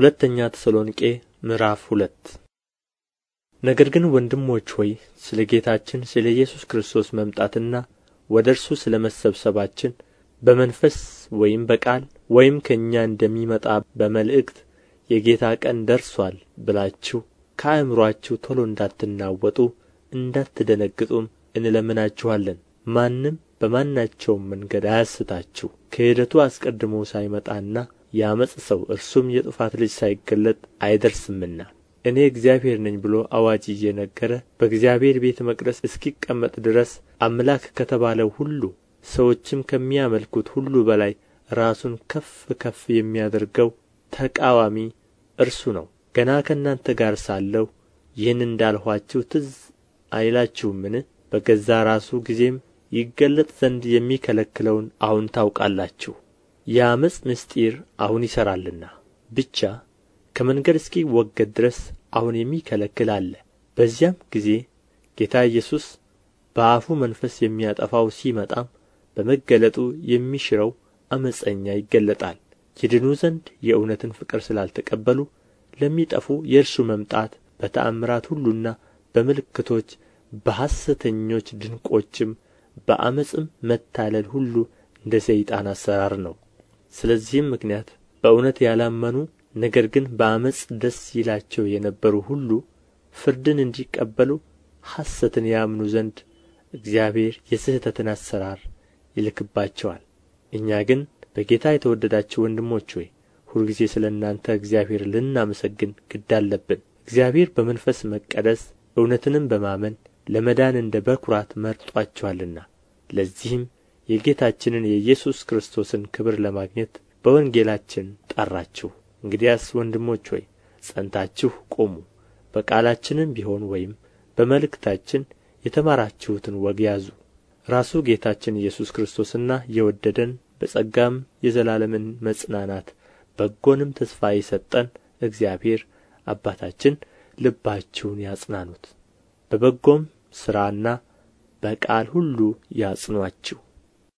ሁለተኛ ተሰሎንቄ ምዕራፍ ሁለት ነገር ግን ወንድሞች ሆይ ስለ ጌታችን ስለ ኢየሱስ ክርስቶስ መምጣትና ወደ እርሱ ስለ መሰብሰባችን በመንፈስ ወይም በቃል ወይም ከእኛ እንደሚመጣ በመልእክት የጌታ ቀን ደርሷል ብላችሁ ከአእምሮአችሁ ቶሎ እንዳትናወጡ እንዳትደነግጡም እንለምናችኋለን። ማንም በማናቸውም መንገድ አያስታችሁ። ክህደቱ አስቀድሞ ሳይመጣና የዓመፅ ሰው እርሱም የጥፋት ልጅ ሳይገለጥ አይደርስምና እኔ እግዚአብሔር ነኝ ብሎ አዋጅ እየነገረ በእግዚአብሔር ቤተ መቅደስ እስኪቀመጥ ድረስ አምላክ ከተባለው ሁሉ ሰዎችም ከሚያመልኩት ሁሉ በላይ ራሱን ከፍ ከፍ የሚያደርገው ተቃዋሚ እርሱ ነው። ገና ከእናንተ ጋር ሳለሁ ይህን እንዳልኋችሁ ትዝ አይላችሁምን? በገዛ ራሱ ጊዜም ይገለጥ ዘንድ የሚከለክለውን አሁን ታውቃላችሁ። የዓመፅ ምሥጢር አሁን ይሠራልና ብቻ ከመንገድ እስኪወገድ ድረስ አሁን የሚከለክል አለ በዚያም ጊዜ ጌታ ኢየሱስ በአፉ መንፈስ የሚያጠፋው ሲመጣም በመገለጡ የሚሽረው ዓመፀኛ ይገለጣል ይድኑ ዘንድ የእውነትን ፍቅር ስላልተቀበሉ ለሚጠፉ የእርሱ መምጣት በተአምራት ሁሉና በምልክቶች በሐሰተኞች ድንቆችም በዓመፅም መታለል ሁሉ እንደ ሰይጣን አሠራር ነው ስለዚህም ምክንያት በእውነት ያላመኑ ነገር ግን በአመፅ ደስ ይላቸው የነበሩ ሁሉ ፍርድን እንዲቀበሉ ሐሰትን ያምኑ ዘንድ እግዚአብሔር የስህተትን አሰራር ይልክባቸዋል እኛ ግን በጌታ የተወደዳችሁ ወንድሞች ሆይ ሁልጊዜ ስለ እናንተ እግዚአብሔር ልናመሰግን ግድ አለብን እግዚአብሔር በመንፈስ መቀደስ እውነትንም በማመን ለመዳን እንደ በኵራት መርጦአችኋልና ለዚህም የጌታችንን የኢየሱስ ክርስቶስን ክብር ለማግኘት በወንጌላችን ጠራችሁ። እንግዲያስ ወንድሞች ሆይ ጸንታችሁ ቁሙ። በቃላችንም ቢሆን ወይም በመልእክታችን የተማራችሁትን ወግ ያዙ። ራሱ ጌታችን ኢየሱስ ክርስቶስና የወደደን በጸጋም የዘላለምን መጽናናት በጎንም ተስፋ የሰጠን እግዚአብሔር አባታችን ልባችሁን ያጽናኑት፣ በበጎም ሥራና በቃል ሁሉ ያጽኗችሁ።